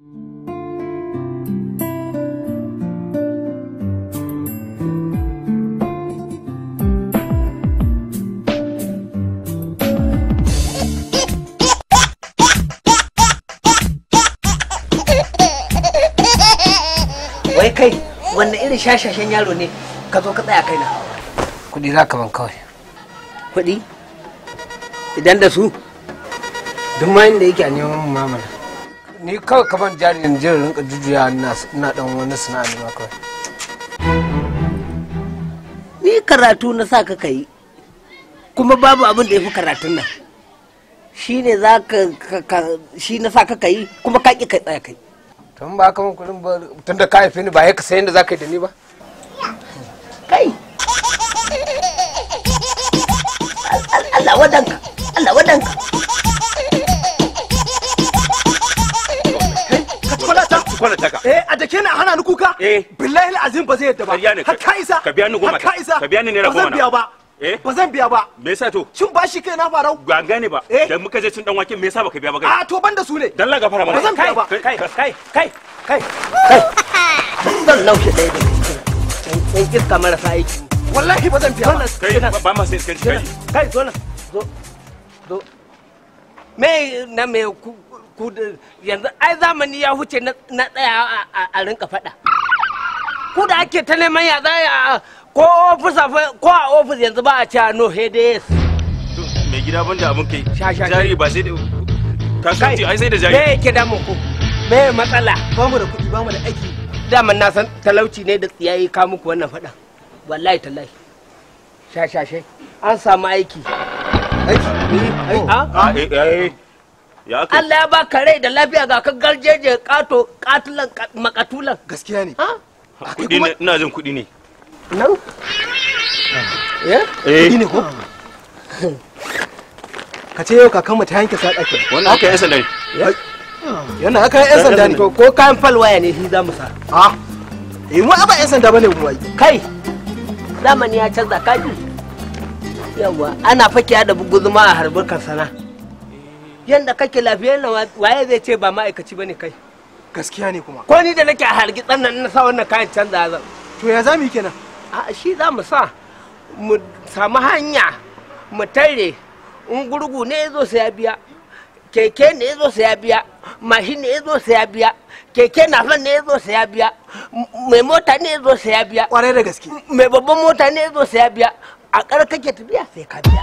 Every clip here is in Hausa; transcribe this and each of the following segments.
wai kai wanne irin shashashen yaro ne ka zo ka tsaya kaina kuɗi za ka ban kawai kuɗi idan da su duk ma inda yake a neman mamana ni kawai kamar ban jari in jira rinka jujjuya na dan wani sana'a ne kawai ni karatu na sa ka kai kuma babu abin da ya fi karatun nan shi ne za ka shi na sa ka kai kuma ka ƙi kai tsaya kai tun ba ka kudin ba tun da ka haife ni ba ya ka sayan da za ka yi da ni ba kai Allah wadanka Allah wadanka kwalar taka eh a dake hana ni kuka eh billahi azim ba zai yadda ba har ka isa ka biya ni goma ka isa ka biya ni naira goma ba zan biya ba eh? ba zan biya ba me yasa to shin bashi kai na farau ba gane ba eh? da muka je cin dan wake me yasa baka biya ba kai a to banda su ne dan laga fara ba zan biya ba kai kai kai kai kai dan laushe dai da dan iska marasa aiki wallahi ba zan biya ba kai ba ma sai kai kai zo na zo zo me na me ku yanzu ai zamani ya huce na tsaya a rinka faɗa ku da ake ta neman ya tsaya ko ofis ko a ofis yanzu ba a cewa no hedes mai gida ban da abin kai jari ba sai da kasuwanci ai sai da jari me yake damun ku me matsala ba mu da kuɗi ba mu da aiki daman na san talauci ne da tsiyayi ka muku wannan faɗa wallahi tallahi shashashe an samu aiki aiki eh, ah? Ah, eh, eh. Allah ya baka rai da lafiya ga ka garjeje kato katulan makatulan gaskiya ne kudi ne ina jin kudi ne nan eh kudi ne ko ka ce yau kakan mu ta yanke sa ke wannan haka yan sanda ne yana haka yan sanda ne ko kayan falwaya ne shi za mu sa a eh mu aba yan sanda bane mu wai kai zamani ya canza kaji yawa ana fakiya da guzuma a harbar karsana yanda kake lafiyar na waye zai ce ba ma'aikaci bane kai gaskiya ne kuma ko ni da nake a hargitsan nan na sa wannan kayan canza zan to ya za mu kenan a shi za mu sa mu samu hanya mu tare in gurgu ne ya zo sai ya biya keke ne ya zo sai ya biya mashin ne ya zo sai ya biya keke na fa ne ya zo sai ya biya mai mota ne ya zo sai ya biya kwarai da gaske mai babban mota ne ya zo sai ya biya a kar tafiya sai ka biya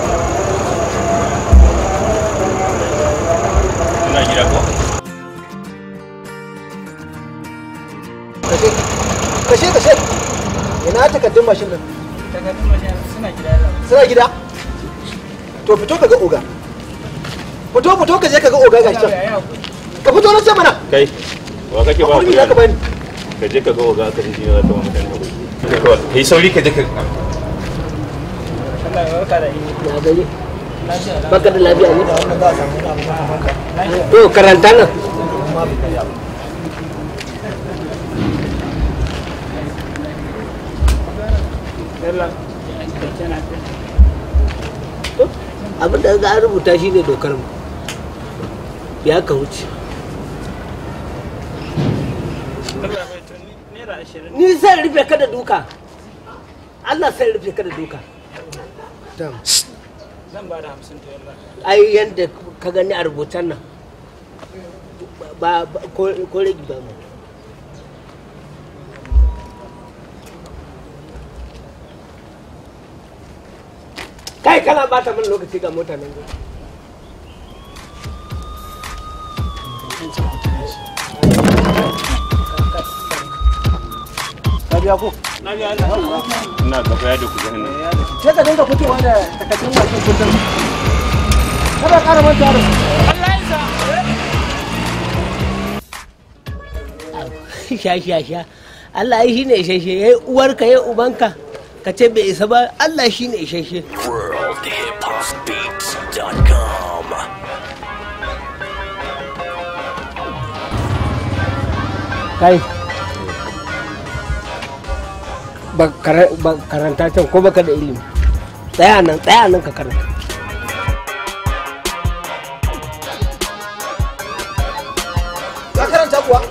kashe kashe kashe ina takardun mashin nan takardun mashin suna gida suna gida to fito ka ga oga fito fito ka je ka ga oga ga can ka fito na kai wa kake ba ku ka bani ka je ka ga oga ka ji ne za ta mutane ku kai sauri ka je ka Allah ya barka da baka abin da za rubuta shi ne dokar mu ya ka wuce ni zai rufe ka da duka allah sai rufe ka da duka zan ba da hamsin ta yalla ai yadda ka gani a rubutan nan ba ko rage ba mu kai kana bata min lokaci ga mota nan gudu ko ina gaba ya da kuɗi hannun sai ka dinga fitowa da takardun wajen kudin kada ƙara manta da Allah ya sa sha sha sha Allah shi ne ya uwarka ya ubanka ka ce bai isa ba Allah shi ne kai ba karanta can ko baka da ilimi tsaya nan tsaya nan ka karanta ka karanta kuwa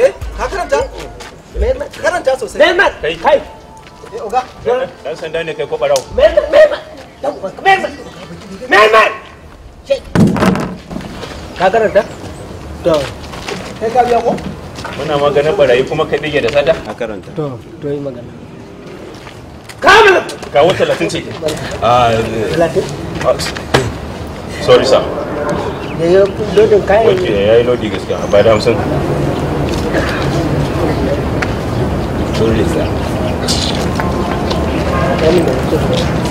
eh ka karanta karanta sosai mai kai kai eh, oga dan sanda kai ko barawo mai mai mai mai mai ka kai ka biya ko muna maganar barayi kuma ka dige da sada a karanta to to yi magana kamil kawo 30 ce ah 30 ah, eh. sorry sir da ya lodin kayan ok ya yi lodi gaskiya ba da hamsin sorry sir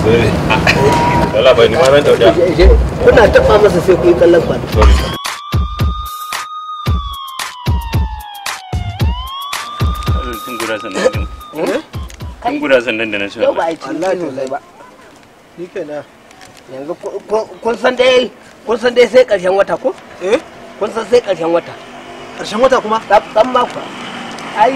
Sorry. Ah. Kuna taba masa sai ku yi kallon ba. Sorry kun guda sannan da na ci yau ba a yi ba ni kenan yanzu kun san dai kun san dai sai karshen wata ko eh kun san sai karshen wata karshen wata kuma dan mako ai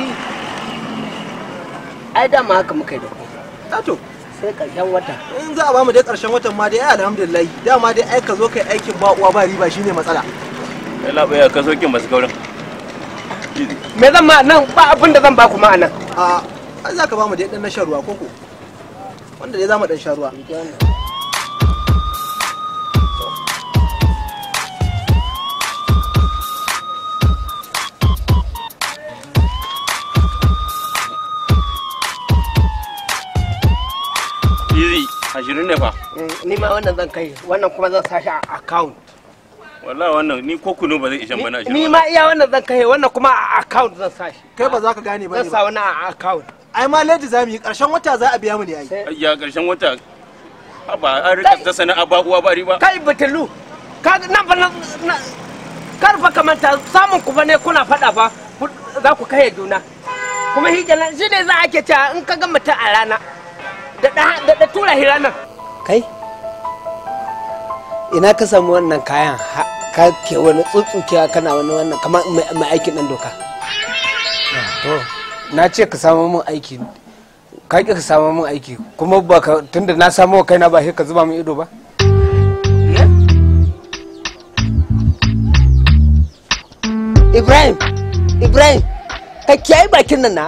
ai da ma haka muka yi da ku ah, sai karshen wata in za a ba mu dai karshen watan ma dai alhamdulillah dama dai ai ka zo kai aikin ba uwa ba riba shine matsala kai labai ya ka me zan ma nan ba abin da zan ba ku ma a ah. an za ka ba mu da ɗan na shan ruwa koko wanda dai za mu ɗan shan ruwa ashirin ne fa mm, ni ma wannan zan kai wannan kuma zan sashi a account wallahi wannan ni ko kunu ba zai isa bana shi. ni ma iya wannan zan kai wannan kuma a account zan sashi kai ba za ka gane ba zan sa wannan a account ai ma ladi za mu yi ƙarshen wata za a biya mu ne ai ya ƙarshen wata ba an rika ta a ba uwa ba riba kai batulu ka nan ba karfa kamanta samun ku ba ne kuna faɗa ba za ku kai juna kuma shi kenan shi ne za a ke cewa in ka ga mutum a rana da da tura shi kai ina ka samu wannan kayan ka ke wani tsutsukiya kana wani wannan kamar mai aikin ɗan doka ah, to na ce ka samu min aiki ka ki ka samu min aiki kuma ba ka tunda na samu wa kaina ba shi ka zuba min ido ba Ibrahim Ibrahim ka kiyaye bakin nan na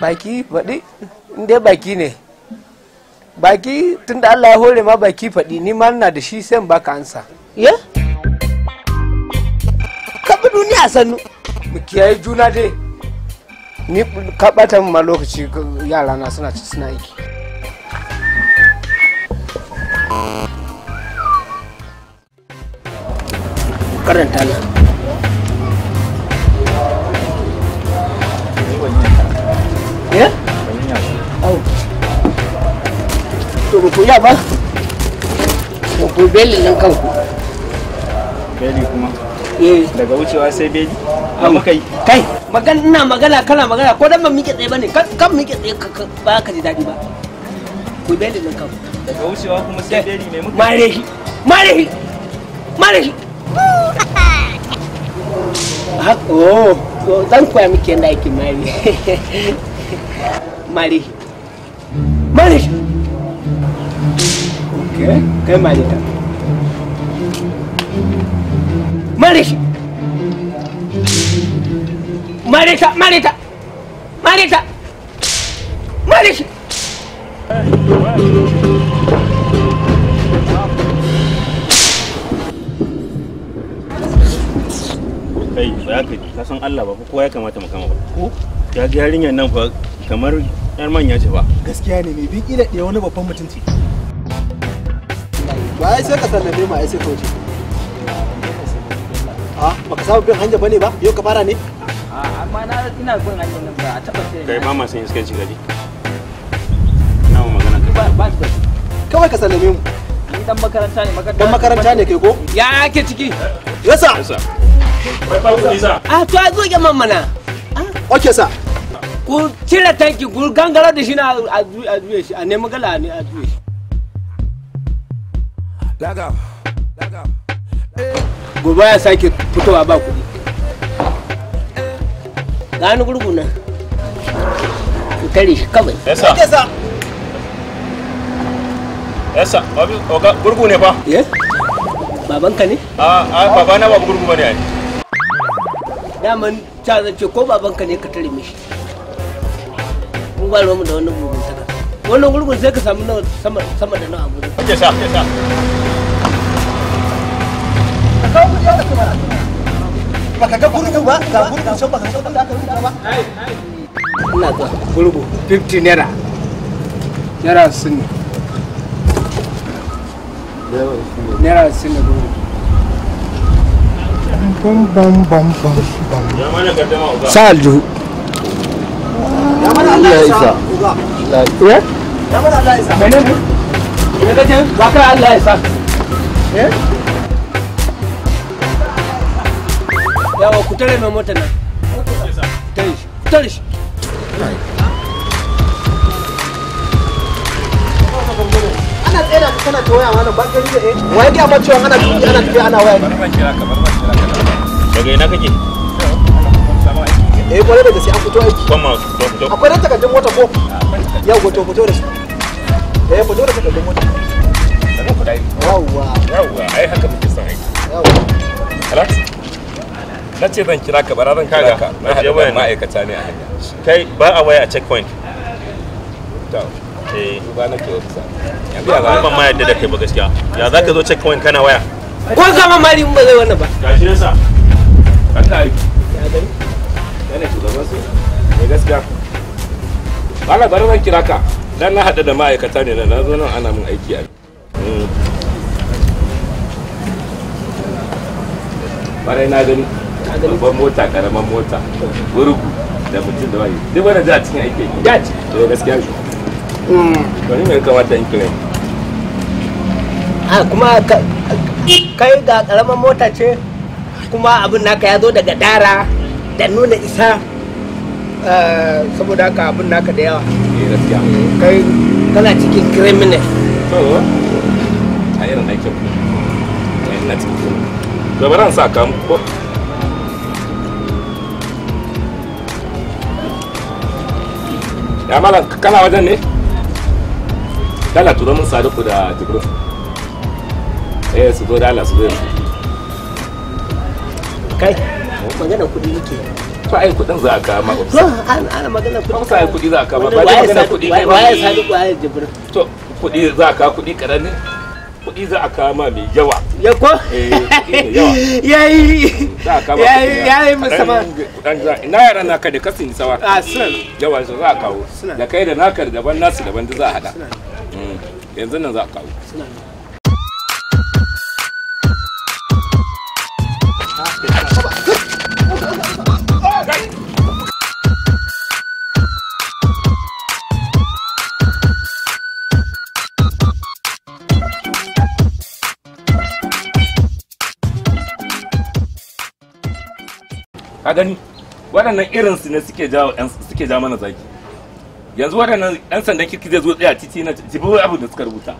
baki faɗi inda baki ne baki tunda Allah ya hore ma baki faɗi ni ma na da shi sai baka ansa. Ye? Ka bi duniya sannu. kiyaye juna dai ni kaɓata ma lokaci yara na suna ci suna aiki karanta na ku ya ba ku beli nan kanku beli kuma eh. daga wucewa sai beli kai magana ina magana kana magana ko dan ban mike tsaye bane kan mike tsaye ba ka ji daɗi ba ku beli din kan daga wucewa kuma sai beli mai muka mare shi mare shi mare shi oh, oh, zan koya miki yadda ake mare mare shi mare shi kai mare ta mare shi Marita, Marita, Marita, Marita. Kai, ba ka ka san Allah ba kowa ya kamata mu kama ba. Ko? Ya ga yarinyar nan fa kamar yar manya ce ba. Gaskiya ne mai bin kila ɗaya wani babban mutum ce. Ba sai ka sallame ma ai sai ka wuce. Ah, baka samu bin hanya bane ba? Yau ka fara ne? amma na ina gun hanyar nan ba a taɓa sai kai ba ma san iskar ci gari na mu magana ba ba su kawai ka sallame mu ni dan makaranta ne makaranta dan makaranta ne kai ko ya ake ciki yasa yasa bai ba ku isa a to a zo ga mana okay sa ku cire tanki ku gangara da shi na a juye shi a nemi gala ne a juye shi laga laga gobe ya sake fitowa ba kuɗi gani gurgu nan ku tare shi kawai yasa yasa yasa oga gurgu ne fa yes eh? babanka ne a a baba na babu gurgu bane ai daman ta zace ko babanka ne ka tare mishi mu ba mu da wannan gurgun saka wannan gurgun sai ka samu nawa sama sama da nawa gurgun yasa yasa ka kawo ku da kuma baka ga gurgu ba ga gurgu baka ga abin da aka rubuta ba ta gurgu 50 naira naira naira gurgu bam bam bam bam bam sa Allah isa Allah isa ne ka Allah isa eh yawa ku tare mai mota nan tare shi tare shi ana tsaye da kana ta waya da eh wai ga ana ana ana waya bar ban kira ka bar ban kira ka daga ina kake eh kwarai da gaske an fito aiki ma fito akwai takardun mota ko yau goto fito da shi eh fito da takardun mota yawwa yawwa ai haka muke son aiki yawwa na ce zan kira ka bara zan kira ka na haɗu da ma'aikata ne a hanya kai ba a waya a checkpoint to eh ba na ke ofisa ba ma yadda da kai ba gaskiya ya za ka zo checkpoint kana waya ko zama mari ba zai wannan ba gashi nasa kan ka yi ya gani yana shugaban su ne eh, gaskiya ba na bari zan kira ka dan na haɗu da ma'aikata ne na zo nan ana min aiki a hmm. Bare na gani. babban mota karamar mota gurgu da mutum da wani duk wanda za a cikin aiki da ci da eh, gaskiya shi hmm. to ni mai kamata in kire a ah, kuma kai ga karamar mota ce kuma abin naka ya zo daga dara da nuna isa eh, saboda haka abin naka da yawa eh, kai kana cikin criminal a irin aikin na cikin to bari an sa ka ko ya mala kana wajen ne dala turo mun sadiku da jibrin eh su zo dala su zo yanzu kai eh. magana kudi nake to ai kudin za ka ma to an ana magana kudi ofisa sai kudi za ka ma ba magana kudi kai ba waye sadiku ai jibrin to kudi za ka kudi karami kudi za ka ma mai yawa ya ko musamman na yara naka da kasin sawa a ah, sun yawan su za a kawo da da naka daban nasu za a hada mm. yanzu za a kawo ka gani waɗannan irin su ne suke jawo suke ja mana zaki yanzu waɗannan ɗan sandan kirki zai zo tsaya titi na jibi abu da suka rubuta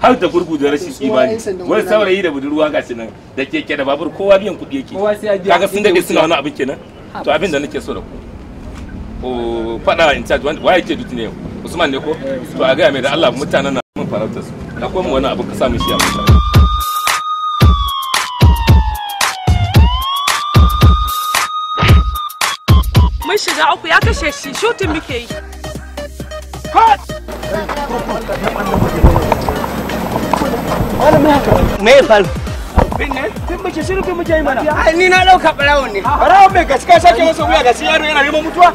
har da gurgu da rashin imani wani saurayi da budurwa ga shi nan da keke da babur kowa biyan kuɗi yake kaga sun dade suna wani abin kenan to abin da nake so da ku ko faɗa in charge wa yake duti ne usman ne ko eh, to a ga mai da Allah mutanen na mun farauta su da kuma wani abu ka samu shi a mutane shiga uku ya kashe shi shutin muke yi me ya faru muke shirin muke yi mana ni na dauka barawon ne barawon mai gaskiya sake wasu wuya ga siyaro yana neman mutuwa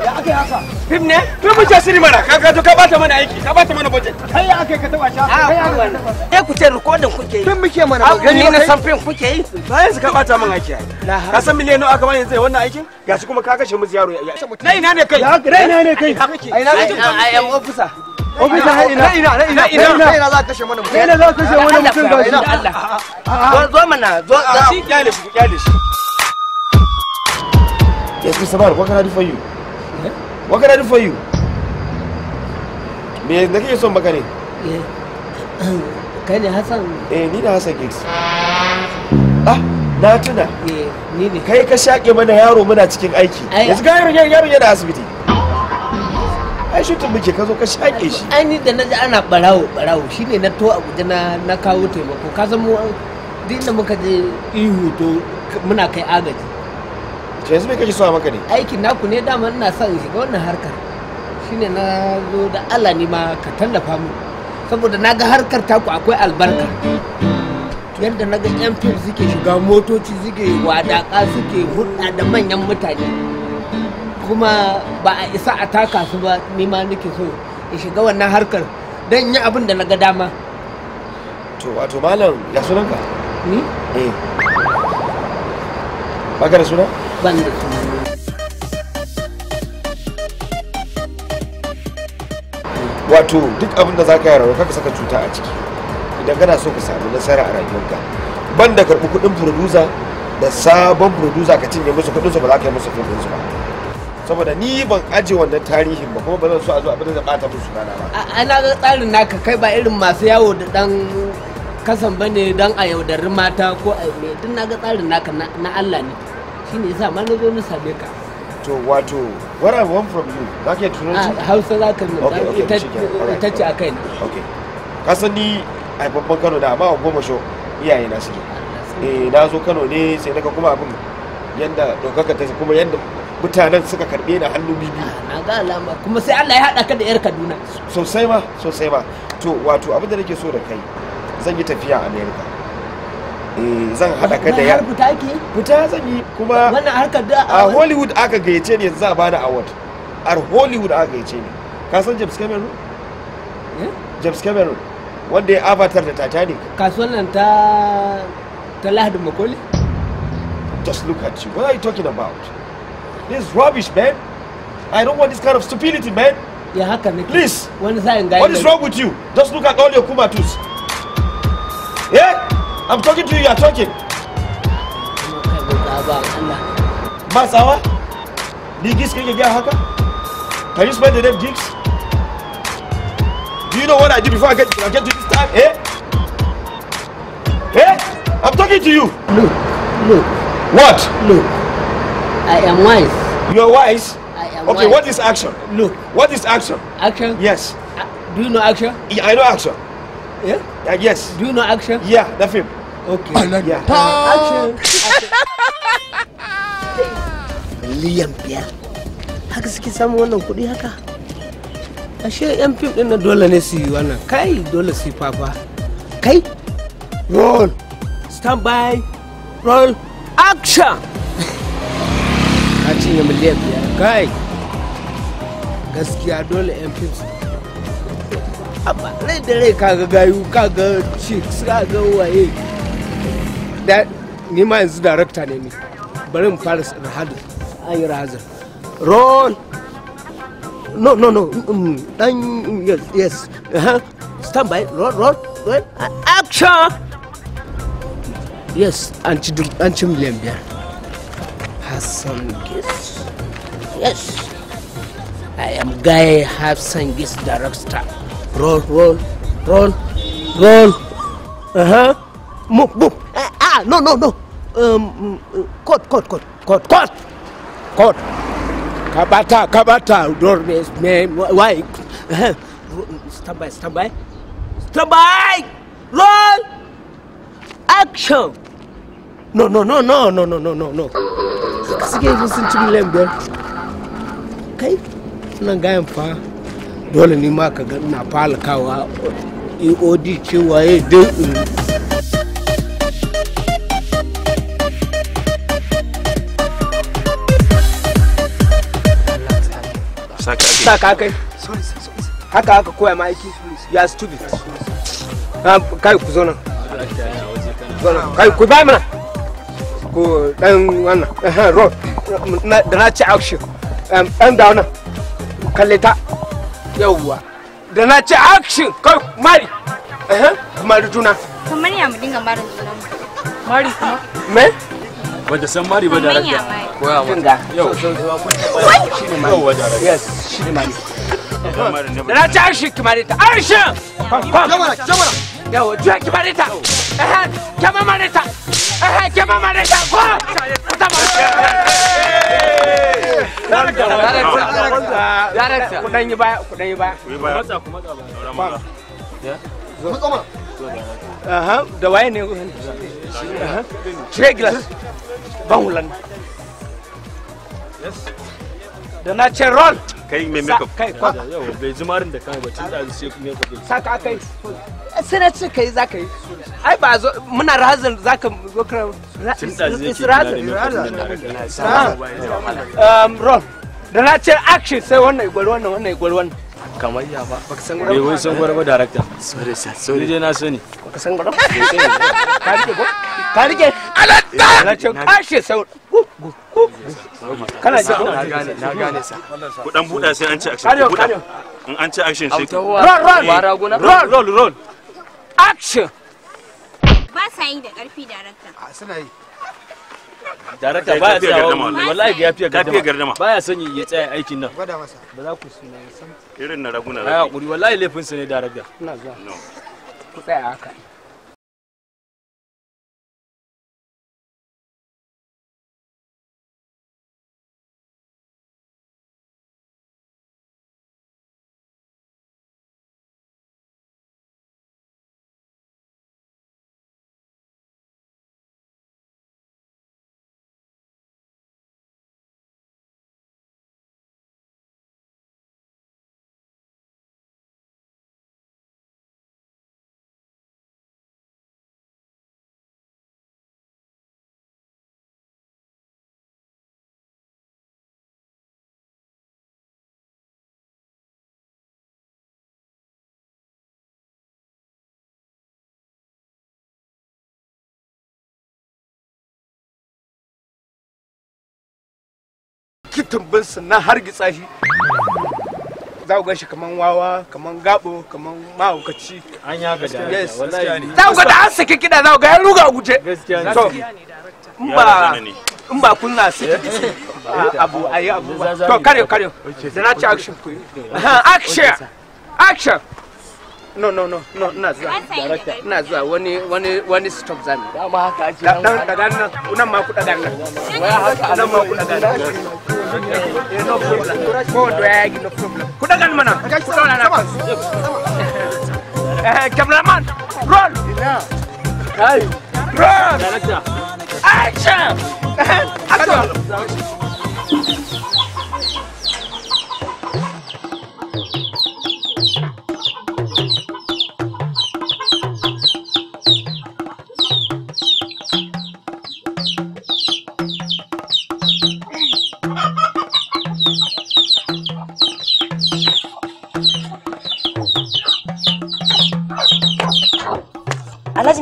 ya aka haka fim ne fim mun ja mana ka ka ka bata mana aiki ka bata mana budget kai ya aka ka taba sha ah, kai aka eh ku ce recording kuke yi fim muke mana ba ni na san fim kuke yi ba yanzu ka bata min aiki ka san miliyan aka bani yanzu wannan aikin gashi kuma ka kashe musu yaro na ina ne kai na ina ne kai ai na ai am officer ofisa ha ina ina ina ina ina ina za ka kashe mana mutum ina za ka kashe mana mutum ga shi Allah zo mana zo shi kyale shi kyale shi Yes, Mr. Bar, what can I do for you? what can I do for you me da kake son baka ne eh, kai ne Hassan eh ni da hasan Gigs ah na tuna eh, ni ne kai ka shaƙe mana yaro muna cikin aiki yanzu ga yaron yaron yana asibiti ai shi tumbuke ka zo ka shaƙe shi ai ni da naji ana barawo barawo shine na to Abuja na na kawo taimako ka zama duk da muka je ihu to muna kai agaji to su ka kake suwa a maka ne aikin naku ne dama ina son in shiga wannan harkar shine na zo da Allah ne ma ka tallafa mu saboda na ga harkar taku akwai albarka yadda na ga yan fim suke shiga motoci suke wadaka suke hudda da manyan mutane kuma ba a isa a taka su ba ma nake so in shiga wannan harkar don yi abin da na ga dama to wato malam ya sunanka ni eh baka da suna ban wato duk abin da za ka yi rayuwa kaka saka cuta a ciki idan kana so ka samu nasara a rayuwarka ban da karɓi kuɗin producer da sabon producer ka cinye musu kuɗinsu ba za ka yi musu kuɗinsu ba saboda ni ban aje wannan tarihin ba kuma ba zan so a zo abin da ɓata musu rana ba na ga tsarin naka kai ba irin masu yawo da ɗan kasan bane don a yaudarin mata ko a me duk na ga tsarin naka na Allah ne shine yasa ma na zo na same ka to wato what i want from you za ka yi turanci ah, hausa za ka nuna ta ce a kai ne okay ka san ni a babban kano da amma a goma sho iyaye na shi eh na zo kano ne sai daga kuma abin yadda ɗaukaka ta kuma yadda mutanen suka karɓe na hannu bibi ah, na ga alama kuma sai Allah ya haɗa ka da yar Kaduna sosai ma sosai ma to wato abin da nake so da kai zan yi tafiya a America Eh, zan haɗa ka da ya fita ake fita zan yi kuma wannan harkar da a hollywood aka gayyace ne za a bada award a hollywood aka gayyace ne ka san james cameron eh? james cameron wanda ya avatar da titanic kasuwan nan ta ta lahadu makoli just look at you what are you talking about this is rubbish man i don't want this kind of stupidity man ya haka ne please what is wrong with you just look at all your kumatus yeah I'm talking to you, you are talking. Masawa, tsawa? Ni gigs get gaya hacker? Can you spell the name gigs? Do you know what I did before I get, I get to this time? Eh? Eh? I'm talking to you. Look, look. What? Look. I am wise. You are wise? I am okay, wise. what is action? Look. What is action? Action? Yes. Uh, do you know action? Yeah, I know action. Yeah? Uh, yes. Do you know action? Yeah, the film. Okay. I like yeah. Uh, Action. Miliyan biyar. Haka suke samun wannan kuɗi haka? Ashe 'yan fim ɗin na dole ne su yi wannan. Kai dole su yi fafa. Kai? Roll. Stand by. Roll. Action. Ka cinye miliyan biyar. Kai. Gaskiya dole 'yan fim su That, rai da director ne ni bari rahadu an yi rahazar roll no no no dan mm, yes yes uh -huh. stand by roll roll roll action yes an ci hassan gis yes i am guy hassan gis director Run, run, run, run. Uh-huh. Move, move. Uh, ah, no, no, no. Um, cut, cut, cut, cut, cut. Cut. Kabata, kabata. Door, why? Uh-huh. Stand by, stand by. Stand by! Run. Action! No, no, no, no, no, no, no, no, no. Sige, listen to me, Lembe. Okay? Nangayan pa. Okay. dole ne ma ka ga ina falakawa eod cewa ya dai saka kai haka haka koya ma aiki ya stupid ah, kai ku zo nan kai ku ba mana ku dan wannan rock da na ci action dan da wannan kalle ta yawwa da na ce action kai mari eh mari juna kamar ya mu dinga mari juna mari kuma me bata san mari ba da ko ya mu yau shine mari yau da yes shine mari da na ci action ta action kamar kamar yawo juya ki bare ta eh ke ma mare ta eh ke ma mare ta ko ta ma Darakta, ku dan yi baya, ku dan yi baya. Ku matsa, ku matsa ba. Ku tsoma. Aha, da waye ne ku? Aha. Shire glass. Ban hulan. Yes. da na ce roll kai me makeup kai kwa bai ji marin da kai ba tun da sai ne ka bai saka kai sai na ce kai za ka yi ai ba zo muna razin za ka zo ka razin da um roll da na ce action sai wannan igwar wannan wannan igwar wannan kamayya ba baka san eh, gwada ba san ba director sorry sir sorry dai na sani baka san gwada ka rike ko ka rike alatta eh, na ce kashe sau kana ji na gane na gane sa ku dan buda sai an ci action buda in an ci action sai roll eh, roll roll roll action ba sa da karfi director a suna yi darakta baya tsayawa wallahi ya fiye gardama baya son ya tsaya aikin nan gwada masa ba za ku suna san irin na raguna ai hakuri wallahi sa ne darakta ina ku tsaya haka ɗauki tumbinsu na hargitsa shi za ku ganshi kaman wawa kaman gabo kaman mahaukaci an ya ga yes za ku ga da an saki kida za ku ga ya ruga guje to in ba in ba kun na saki abu ayi abu to kare kare da na ci action ku action action no no no no ina zuwa ina zuwa wani wani wani stop za zami dama haka ake nan daga nan nan ma ku daga nan wai haka nan ma ku daga nan No problem. Go drag, no problem. Kuda kan mana? Kuda mana? Eh, cameraman, roll. Roll. Action. Action.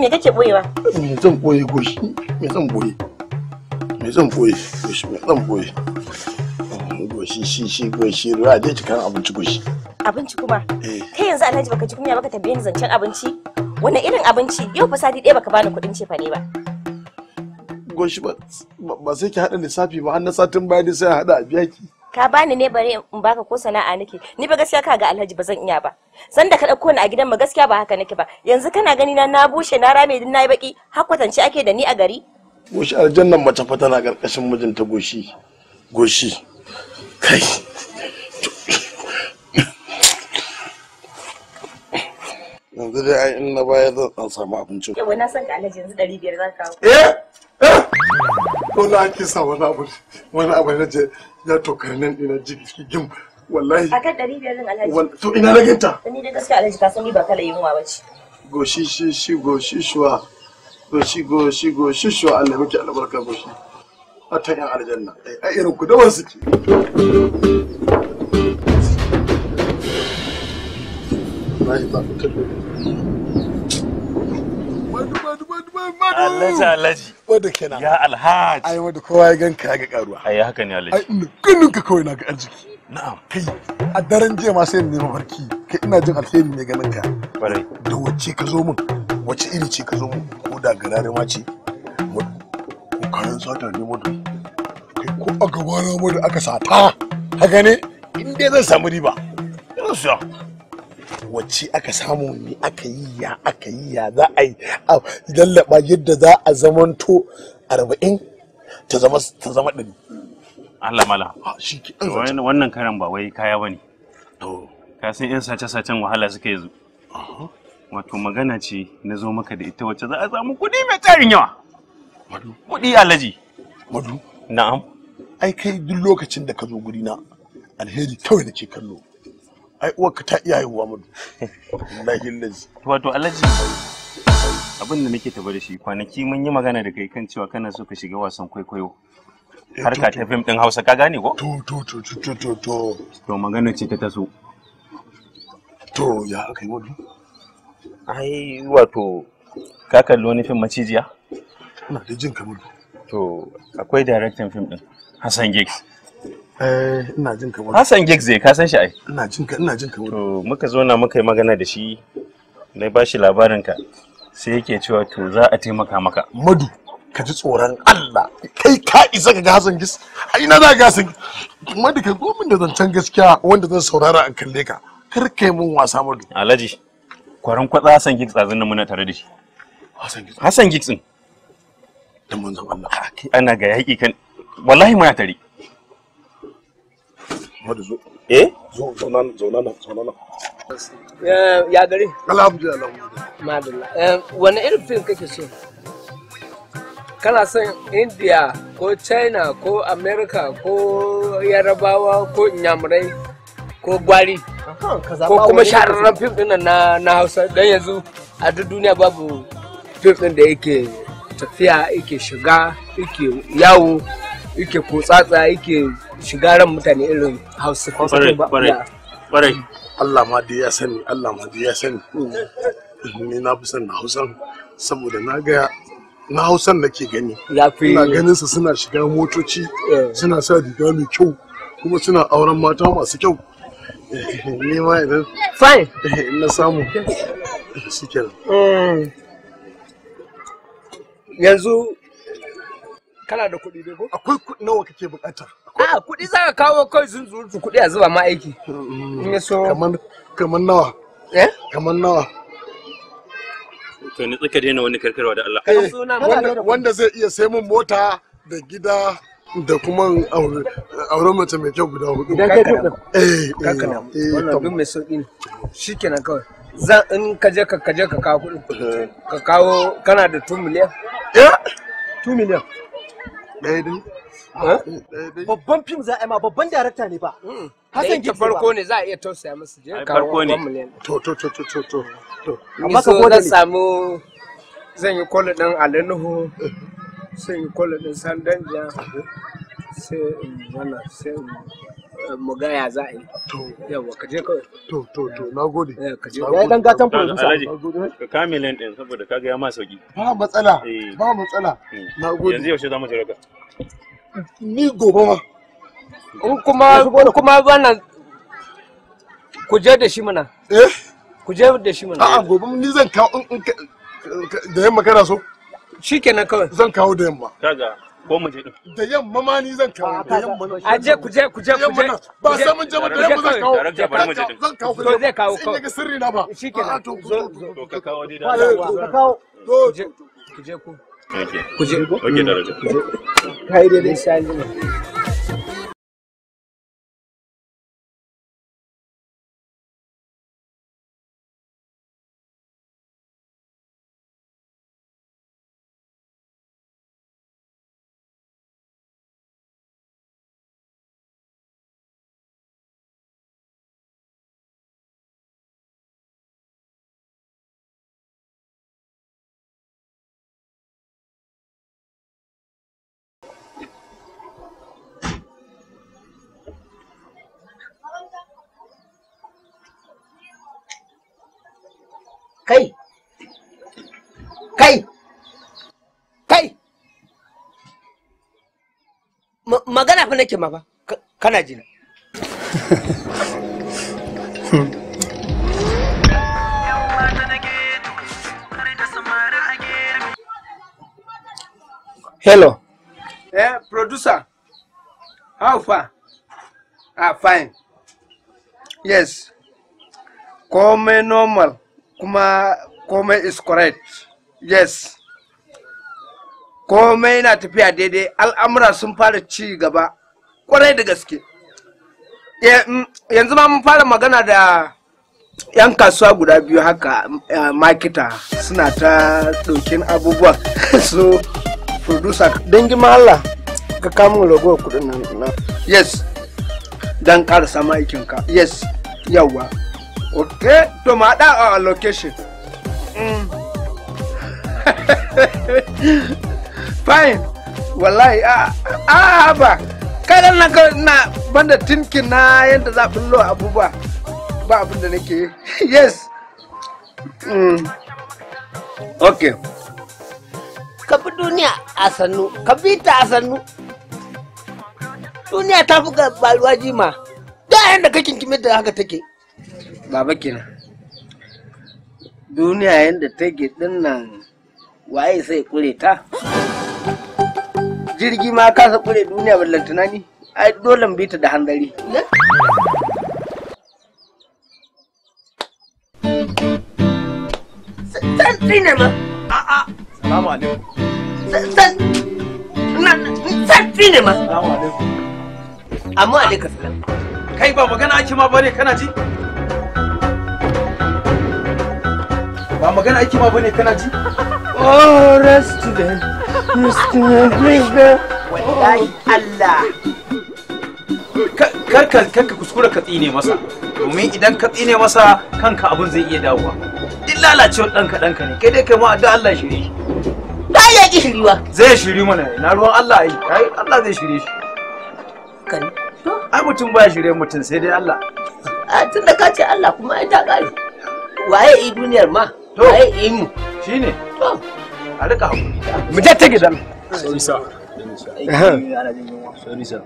me kake boyewa? Me zan boye goshi? Me zan boye? Me zan boye? Goshi me zan boye? Eh, goshi shi shi goshi ruwa dai cikin abinci goshi. Abinci kuma? Kai eh. yanzu Alhaji baka ji kunya baka tambaye ni zancen abinci? Wani irin abinci? Yau fa sati ɗaya baka bani kuɗin cefa ne ba. Goshi ba sai ki haɗa lissafi ba har na satin baya dai sai a haɗa a biya ki. ka bani ne bare in baka ko sana'a nake ni ba gaskiya ka ga alhaji ba zan iya ba san da ka dauko ni a gidan ma gaskiya ba haka nake ba yanzu kana gani na na bushe na rame din nayi baki har kwatance ake da ni a gari goshi aljannan mace fa tana karkashin mijinta goshi goshi kai yanzu dai ai in na baya zan dan samu abincin yawa na san ka alhaji yanzu 500 zaka kawo eh eh ko na ki sa wani abu wani abu na je ya tokar nan ina jigin wallahi kan ɗari biyar ɗin alhaji to ina na ginta ni dai gaskiya alhaji ka san ni ba kala yunwa ba ce goshi shi shi goshi shuwa goshi goshi goshi shuwa Allah miki albarka goshi ta yan aljanna a irin ku daban ke. Thank you. Alhaji Alhaji. Wanda kenan. Ya Alhaji. Ai wanda kowa ya ganka ya ga karuwa. Ai haka ne Alhaji. Ai ganin ka kawai na ga arziki. Na'am. Kai a daren jiya ma sai ne mafarki. Kai ina jin alheri ne ganin ka. Kwarai. Da wacce ka zo min? Wace iri ce ka zo min? Ko da garare ma ce? Ko kayan sata ne mutu. Kai ko a gaba na mutu aka sata. Haka ne? In dai zan samu riba. Ina siya. wacce aka samu ne aka yi ya aka yi ya za a yi lallaba yadda za a zamanto arba'in ta zama ta zama ɗari Allah mala wannan karan ba wai kaya bane to ka san yan sace sacen wahala suka yanzu wato magana ce na zo maka da ita wacce za a samu kuɗi mai tarin yawa kuɗi alaji madu na'am ai kai duk lokacin da ka zo guri na alheri kawai ke kallo ai uwarka ta iya haihuwa mu wallahi lazi wato alaji abin da nake tafa da shi kwanaki mun yi magana da kai kan cewa kana so ka shiga wasan kwaikwayo eh, harka ta fim din Hausa ka gane ko to to to to to to to magana ce ta taso to ya aka yi wadu ai wato ka kalli wani fim macijiya ina da jin kamar to akwai directing fim din Hassan Giggs Eh, ina jin kamar Hassan Gig zai ka san shi ai ina jin ka ina jin kamar to muka zo na muka yi magana da shi na ba shi labarin ka sai yake cewa to za a taimaka maka madu ka ji tsoron Allah kai ka isa ka ga Hassan Gig ai na za ga Hassan madu ka gomin da zancen gaskiya wanda zan saurara an kalle ka kar kai mun wasa madu Alhaji kwaran kwatsa Hassan Gig tsazin nan muna tare da shi Hassan Gig Hassan Gig din dan manzon Allah ana ga yaki kan wallahi muna tare zo. Eh? Zo zauna zauna zauna eh, Ya gari? Alhamdulillah alhamdulillah. Eh, wani irin film kake so? Kana son India ko China ko America ko Yarabawa ko Inyamurai ko Gwari ko kuma shahararren film ɗin na na Hausa don yanzu a duk duniya babu film ɗin da yake tafiya yake shiga yake yawo yake kotsatsa yake shiga ran mutane irin hausa kwarai Allah ma dai ya sani Allah ma dai ya sani ni na fi son na hausan saboda na ga na hausan nake gani ina ganin su suna shiga motoci eh. suna sa riga mai kyau kuma suna auren mata masu kyau ni ma idan fine eh, na samu shikenan hmm. yanzu kana da kuɗi dai ko akwai nawa kake bukata A'a kuɗi za ka kawo kai sun zuru kuɗi a zuba ma aiki. Kamar nawa. Eh? Kamar nawa. To ni tsaka daina wani karkarwa da Allah. Eh, wanda zai iya sai mun mota da gida da kuma auren mace mai kyau guda hudu. Idan kai kuɗin. Eh, eh. eh Wannan duk mai sauki ne. Shikenan kawai. Zan in ka je ka kaje ka kawo kuɗin. Eh. Ka kawo kana da 2 miliyan. Eh? 2 miliyan. dai dai. Eh? Eh, eh, babban fim za a yi ma babban darakta ne ba. Hassan hmm. Giggs farko ne za a iya tausaya musu je farko ne. To to to to to to. Amma ka gode ne samu zan yi kwallo din Alinuhu, zan yi din ɗin Sandanja, sai wannan sai mu ga ya za a yi. To. Yawa ka je kawai. To to to na gode. Ka je. Ya dan gatan producer. na gode Ka kamilin din saboda ka ga ya ma sauki. Ba matsala. Ba matsala. Hmm. Na gode. Yanzu yaushe za mu jira ka. ni kuma kuma bana ku je da shi mana eh ku je da shi mana a'a gobe ni zan kawo in da yamma kana so shikenan kawai zan kawo da yamma kaga ko mu je da yamma ma ni zan kawo da yamma a je ku je ku je ku je ba sai mun je ba da yamma zan kawo zan kawo to zai kawo sirri na ba shikenan to ka kawo dai da ka kawo to ku je ku Okay. Kuje. Okay, mm. daraja. da dai cai. Cai. Cai. Magana fa nake ma ba, kana jina. Hello. Eh, producer. How far? Ah, fine. Yes. Come normal. kuma komai is correct yes komai na tafiya daidai al'amura sun fara ci gaba kwarai da gaske mm, yanzu ma mun fara magana da 'yan kasuwa guda biyu haka eh, makita suna ta ɗaukin abubuwa su producer dangi mahalla ka kamo ragowar kudin nan yes don ƙarasa ma'aikinka yes yawwa Okay, to ma da a location Mm. Fine. Wallahi a a ba. Kadan na ga na banda tinkin na yadda za bullo abubuwa. Ba abin da nake. Yes. Mm. Okay. Ka bi duniya a sannu, ka bi ta a sannu. Duniya ta fi ga baluwa jima. Da yadda ka kinkime da haka take. baba kenan duniya yadda take din nan waye sai kure ta jirgi ma kasa kure duniya ballan tunani ai dole mu ta da handari san tsine ma a a salamu alaikum san na san tsine ma salamu alaikum amma alaikum salam kai ba magana ake ma bane kana ji ba magana ake ma bane kana ji oh restaurant restaurant wallahi Allah Kar ka kuskura ka tsine masa domin idan ka tsine masa kanka abun zai iya dawowa dan ka ɗanka ɗanka ne kai dai kai ma da Allah shiri. shi ba ya ki shiriwa zai shiri mana na ruwan Allah ai kai Allah zai shiri shi kan to ai mutum ba shirye mutum sai dai Allah a tunda ka ce Allah kuma ai ta kare waye i duniyar ma To, ai in shi ne. To, a rika hakuri. Mu je ta gidan. Sorry sir. Sorry sir.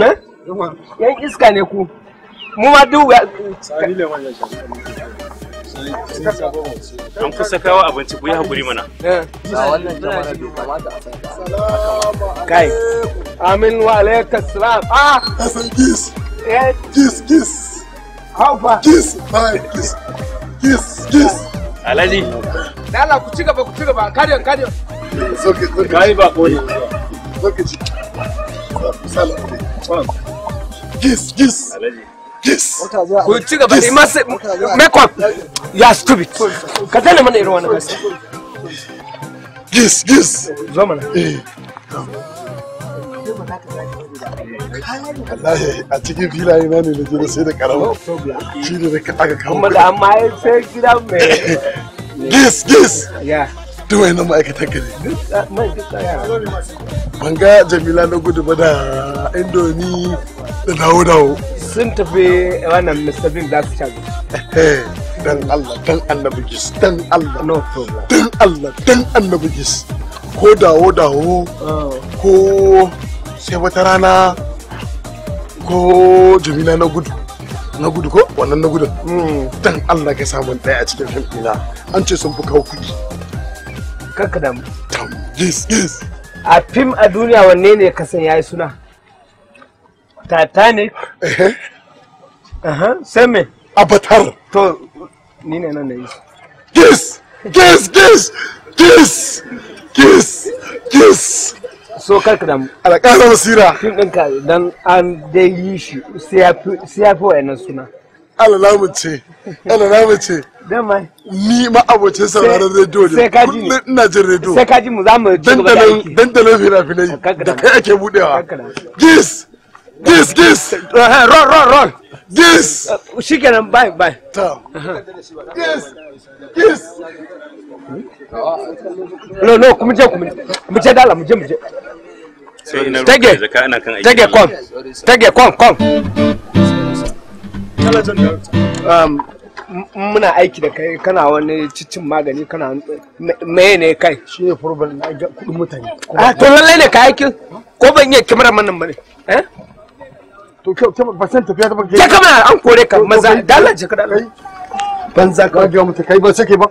Me? Yan iska ne ku. Mu ma duk Sani. Sari wannan shi. An kusa kawo abinci ku yi hakuri mana. A wannan jama'a Kai. Amin wa alaikas salam. Ah! Kiss. gis. kiss. gis. bye, kiss kiss alhaji lala ku ci gaba ku ci gaba kare kare soke soke kai ba ko ne soke ci sala Gis! kiss alhaji Gis! ku ci gaba ma mas make up ya stupid ka tana mana irin wannan Gis! Gis! zo mana eh wallahi a cikin filaye na ne na je sai da karama shi ne da aka kawo kuma da amma ya sai gida mai gis gis duk wani ma'aikatan ka ne ban ga jamila na gudu ba da indomi da dawo dawo sun tafi wannan mr bin za su shago dan allah dan annabi gis dan allah no problem dan allah dan annabi gis ko dawo dawo oh. ko sai wata rana ko jimina na gudu na gudu ko wannan na gudun hmm. dan Allah ka samu ɗaya a cikin fim ɗina an ce sun fi kawo kanka da damu yes yes a fim a duniya wanne ne ka san yayi suna titanic eh aha sai me avatar to ni ne nan ne yes yes yes yes yes yes so karka da alƙalar basira fim ɗinka don an dai yi shi sai ya fi wa'annan suna alalamu ce alalamu ce ni ma abocin sauraron rediyo ne kullum ina jin rediyo sai kaji mu za mu ci gaba da aiki dandalin fina-finai da kai ake budewa gis gis gis eh, eh, rol rol rol gis eh, shikenan bye bye to gis gis no no kuma je kuma mu je dala mu je mu je Tage, tage kom, tage kom, kom. muna aiki da kai kana wani cicin magani kana mai ne kai shi ne problem na ga kudin mutane a ah, to lallai ne ka aikin ko ban iya kimar manan bane eh to kyau ba san tafiya ta ba ke kamar an kore ka maza dalace ka ban za ka ga mutane kai ba sake ba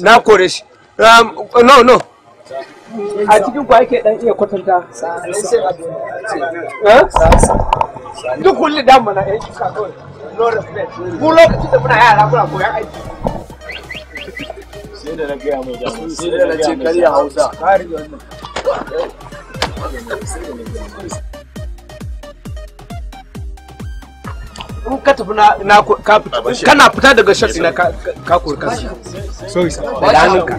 na kore shi um, no no a cikin kwa yake dan iya kwatanta eh? duk da mana no respect lokacin da koyan aiki sai da na ka tafi kana fita daga shafi na ka sorry sir da hannunka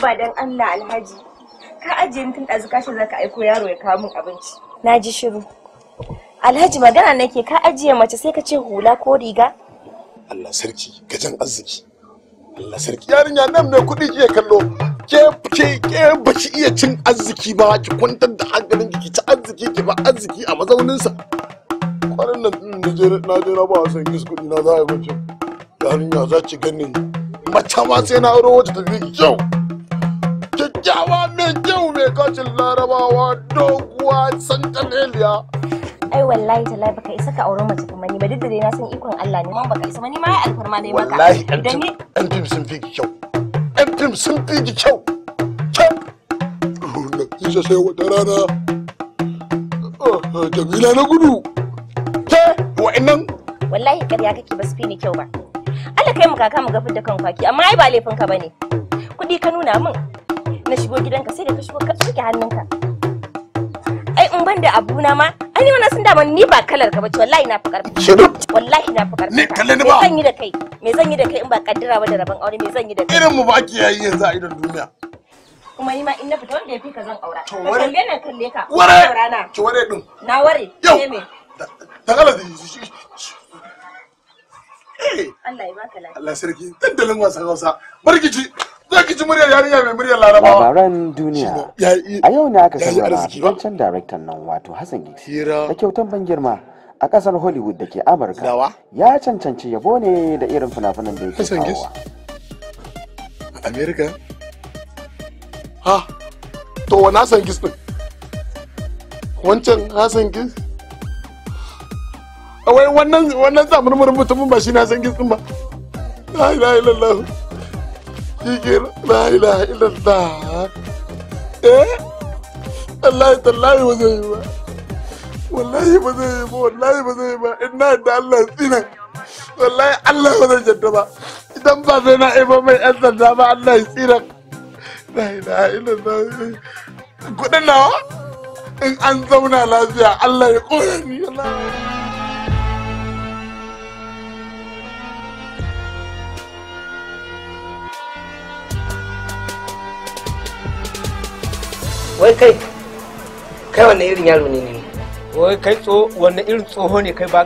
ba dan Allah alhaji ka ajiye ni tun ɗazu ka shi zaka aiko yaro ya kawo min abinci na ji shiru alhaji magana nake ka ajiye mace sai ka ce hula ko riga Allah sarki gajan arziki Allah sarki yarinya nan ne kuɗi ke kallo ke ke ke ba ki iya cin arziki ba ki kwantar da hankalin ki ci arziki ki ba arziki a mazaunin sa kwanan nan na je na je na ba san kis kuɗi na za a yi yarinya za ki ganin Mata ma sai na aro wata ta bi kyau kyakkyawa mai kyau mai kacin larabawa doguwa santaleliya ai wallahi talai baka isa ka aure mace kuma ni ba duk da dai na san ikon Allah ne man baka isa ni ma ai alfarma dai maka wallahi dan tim sun fi kyau dan tim sun fi kyau kyau oh, na isa sai wata rana ah, jamila na gudu wa wa'annan wallahi ƙarya kake ba su fi ni kyau ba Allah kai mu kaka mu gafin da kan kwaki amma ai ba laifin ka bane kuɗi ka nuna min na shigo gidanka sai da ka shigo ka tsoke hannunka ai in ban da abu na ma ai ni wannan sun dama ni ba kalar ka bace wallahi na fi karfi shiru wallahi na fi karfi ni kalle ni ba zan yi da kai me zan yi da kai in ba kaddara ba da rabon aure me zan yi da kai irin mu ba ake yayi yanzu a idan duniya kuma ni ma in na fita wanda ya ka zan aura to wani kalle na kalle ka ware ki ware din na ware ke me ta kala da shi Allah ya baka lafiya Allah sarki dandalin wasa Hausa barkici zai ji muryar yarinya mai muryar larabawa labaran duniya a yau ne aka sanar fitaccen daraktan nan wato hassan giggs da kyautan ban girma a kasar hollywood da ke amurka ya cancanci yabo ne da irin fina-finan da yake kawowa america ha to wani hassan giggs din wancan hassan giggs wai wannan wannan zamurmurin mutumin ba shi na san giggs din ba la ilaha illallah shigir la ilaha illallah eh Allah tallahi ba zai yi ba wallahi ba zai yi ba wallahi ba zai yi ba ina da Allah tsina wallahi Allah ba zai jadda ba idan ba sai na aiba mai yan sanda ba Allah ya tsina la ilaha illallah kudin nawa in an zauna lafiya Allah ya kore ni Allah wai kai kai wanne irin yaro ne ne wai kai tso wanne irin tsoho ne kai ba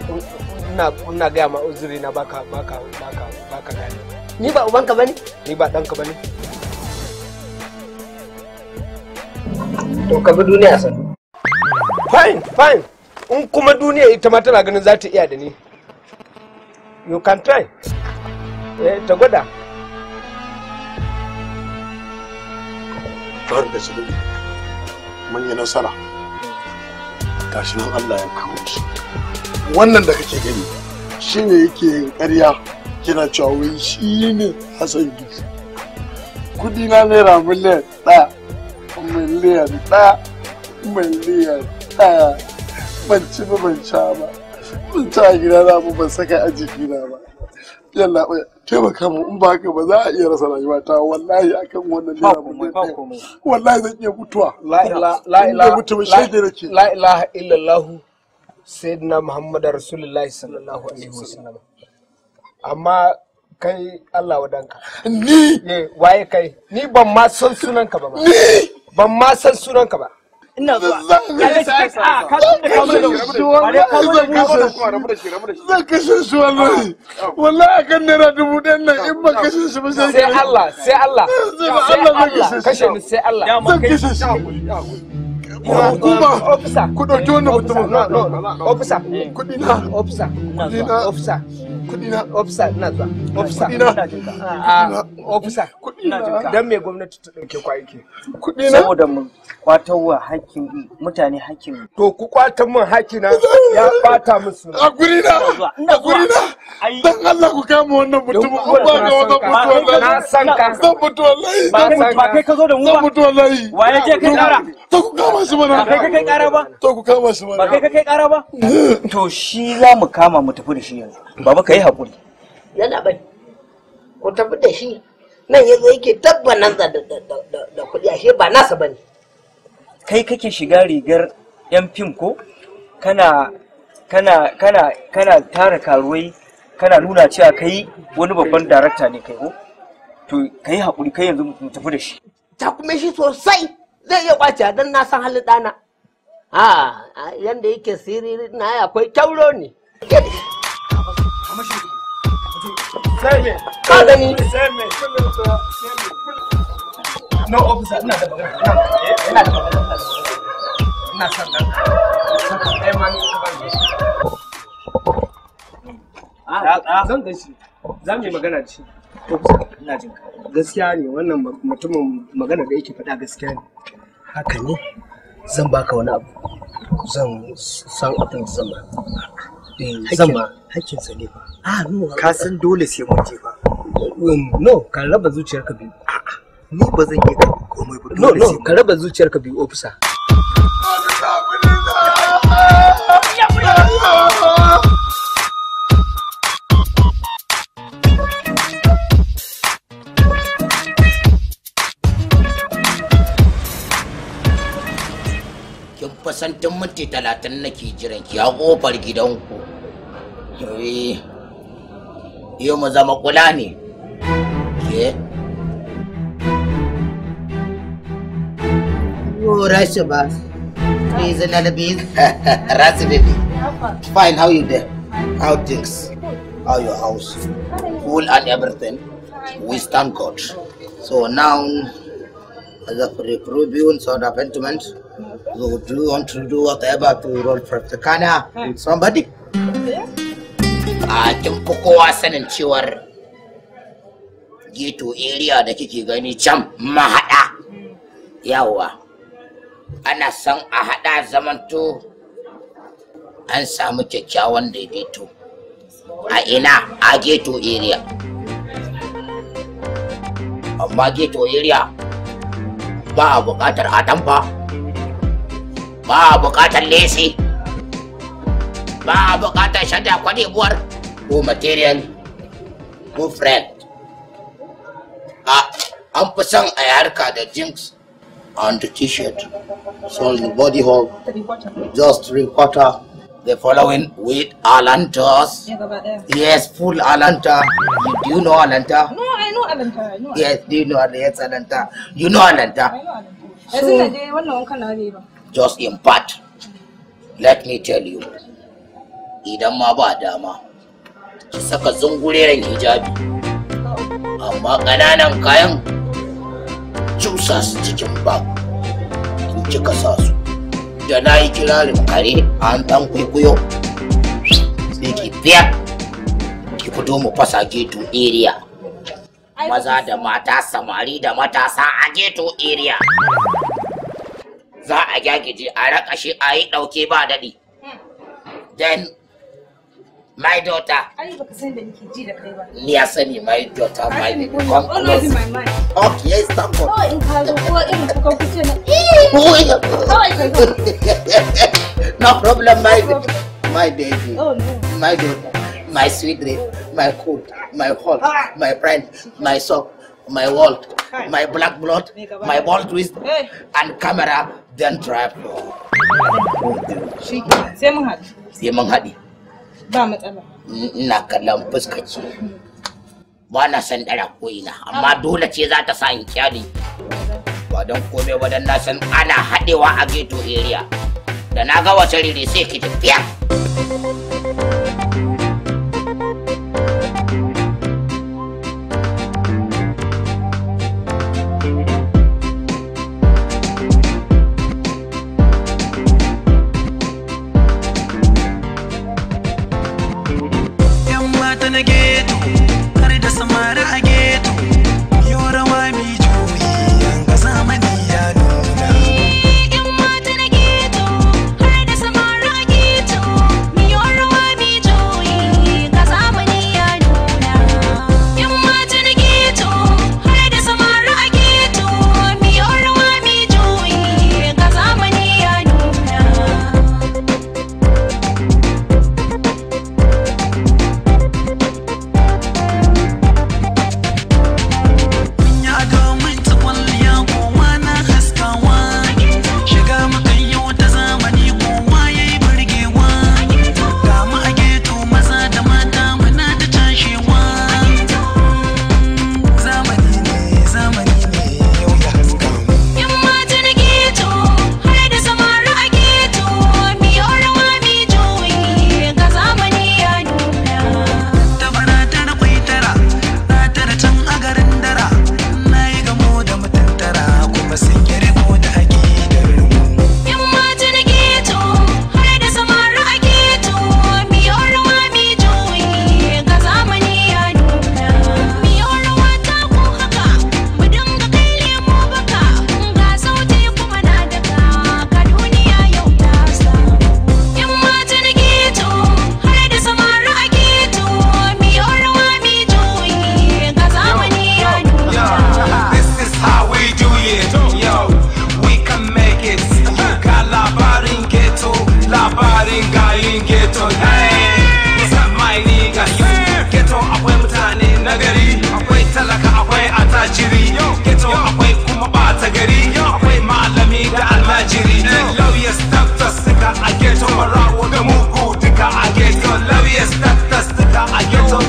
ina ina ga ma uzuri na baka baka baka baka gani ni ba ka bane ni ba dan ka bane to ka bi duniya san fine fine in kuma duniya ita ma tana ganin za ta iya da ni you can try eh ta gwada Claro que sí. mun nasara gashi nan Allah ya kawo shi wannan da kake gani shine yake yin ƙarya kina cewa wai shine Hassan Yusuf kudi na naira miliyan ɗaya miliyan ɗaya miliyan ɗaya ban ci ba ban sha ba ban ci a gida na ba ban saka a jikina ba yalla taimaka mu in ba haka ba za a iya rasa rayuwa ta wallahi akan wannan naira miliyan wallahi zan iya mutuwa la ilaha la ilaha illallah sayyidina muhammadu rasulullahi sallallahu alaihi wasallam amma kai Allah wadanka ni eh, waye kai ni ban ma san sunanka ba Ni. ban ma san sunanka ba ina zuwa ya ga shi a ah, ka da kamar da mutu zan kashe shi wallahi wallahi dubu ɗan nan in ba kashe shi ba sai Allah sai Allah sai Allah kashe ni sai Allah zan kashe shi Kuma officer. Ku dauki wannan mutumin. No Officer. Kudi na. Officer. Kudi na. Officer. Kudi na. Officer zuwa. Officer. Kudi na. Ah, ah, officer. Kudi na. Dan me gwamnati ta dauke ku aiki? Kudi na. Saboda mu kwatar wa hakkin mutane hakkin. To ku kwatar min hakina ya bata musu. A guri na. A guri na. Dan Allah ku wannan ko ba ga wannan mutumin. Na san ka. Zan mutu wallahi. Ba kai ka zo da mu ba. mutu wallahi. Wa ya je kai kara? ku su mana. Ba kai ka kai ƙara ba. To ku kama su mana. Ba kai ka kai ƙara ba. To shi za mu kama mu tafi da shi yanzu. Baba ka yi haƙuri. Yana bai. Ku tafi da shi. Nan yanzu yake tabbanan da kuɗi ashe ba nasa ba ne. Kai kake shiga rigar 'yan fim ko? Kana kana kana kana tara karuwai kana nuna cewa kai wani babban darakta ne kai ko? To kai haƙuri kai yanzu mu tafi da shi. Ta kuma shi sosai. zai iya kwace don na san halin ɗana a yanda yake siriri na ya akwai kyauro ne ka gani no ah, ah. zan gaishe za mu yi magana da shi ina jin gaskiya ne wannan mutumin magana da yake faɗa gaskiya ne haka ne zan baka wani abu zan san abin zan ba eh, zan hakkin sa ne ba ah, ka san dole sai mun je ba um, no ka raba zuciyarka biyu ni ba zan iya komai ba no no ka raba zuciyarka bi ofisa wajen minti talatin nake jiran ki a kofar gidanku yau mu zama kula ne ke Rasha ba, please another bit. Rasha baby, fine, how you there? How things? How your house? Cool and everything. We stand God. So now, as a reprobation sort of appointment, You do want to do whatever to roll for the kana somebody? A kin fi kowa sanin cewar ghetto area da kike gani can mahaɗa. Yawwa, ana son a haɗa zamanto an samu kyakkyawan daidaito. A ina a ghetto area. Amma ghetto area ba a buƙatar haɗan ba bukatar lesi ba bukatar shadda kwadebuwar ko material ko friend a an fi son a harka da jinx and the t-shirt so in body hole just three quarter the following with alantas yes full alanta do you know alanta no i know alanta i know alanta. yes do you know yes alanta you know alanta i know alanta so, just in part let me tell you idan ma ba dama ki saka zunguriyar hijabi amma ƙananan kayan cusa su cikin ba in kika sa su da na yi kirarin kare an ɗan kwaikwayo sai ki biya ki fito mu fasa geto area maza da mata samari da matasa a ghetto area za a gyagije a rakashe a yi ɗauke ba daɗi then my daughter ni ya sani my daughter my okay yes thank oh in ka ko irin ka kuce na no problem my my baby oh no my daughter my sweet dream my cool my whole ah. my friend my soul my world my black blood my bald twist and camera dan travel shi sai mun haɗu sai mun haɗu ba matsala ina kallon fuskaci ba na san dara ina amma dole ce za ta sa in kyale ba don komai ba don na san ana haɗewa a ghetto area da na ga wata rere sai ki tafiya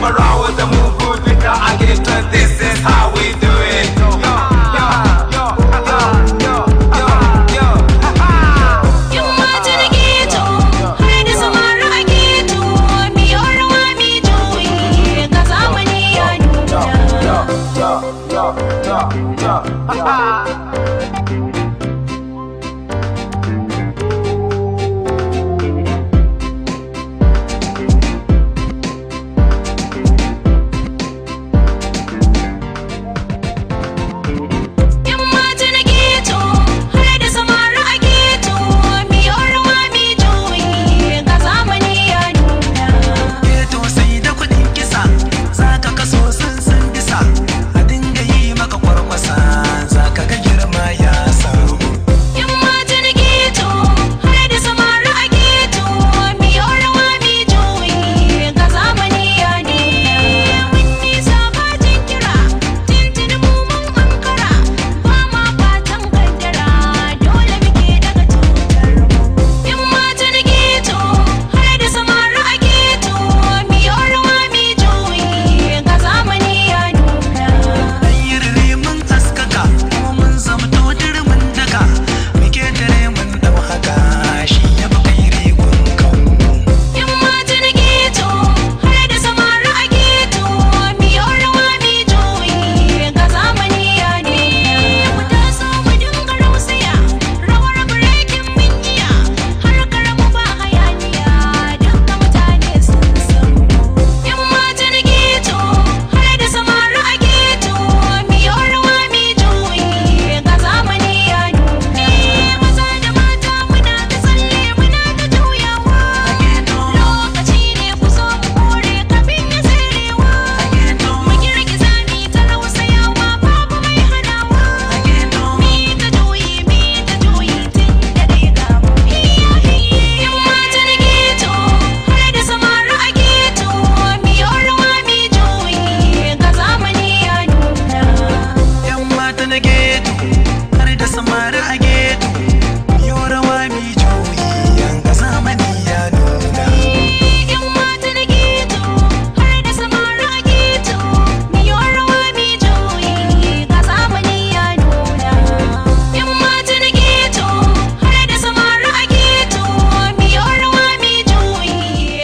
around.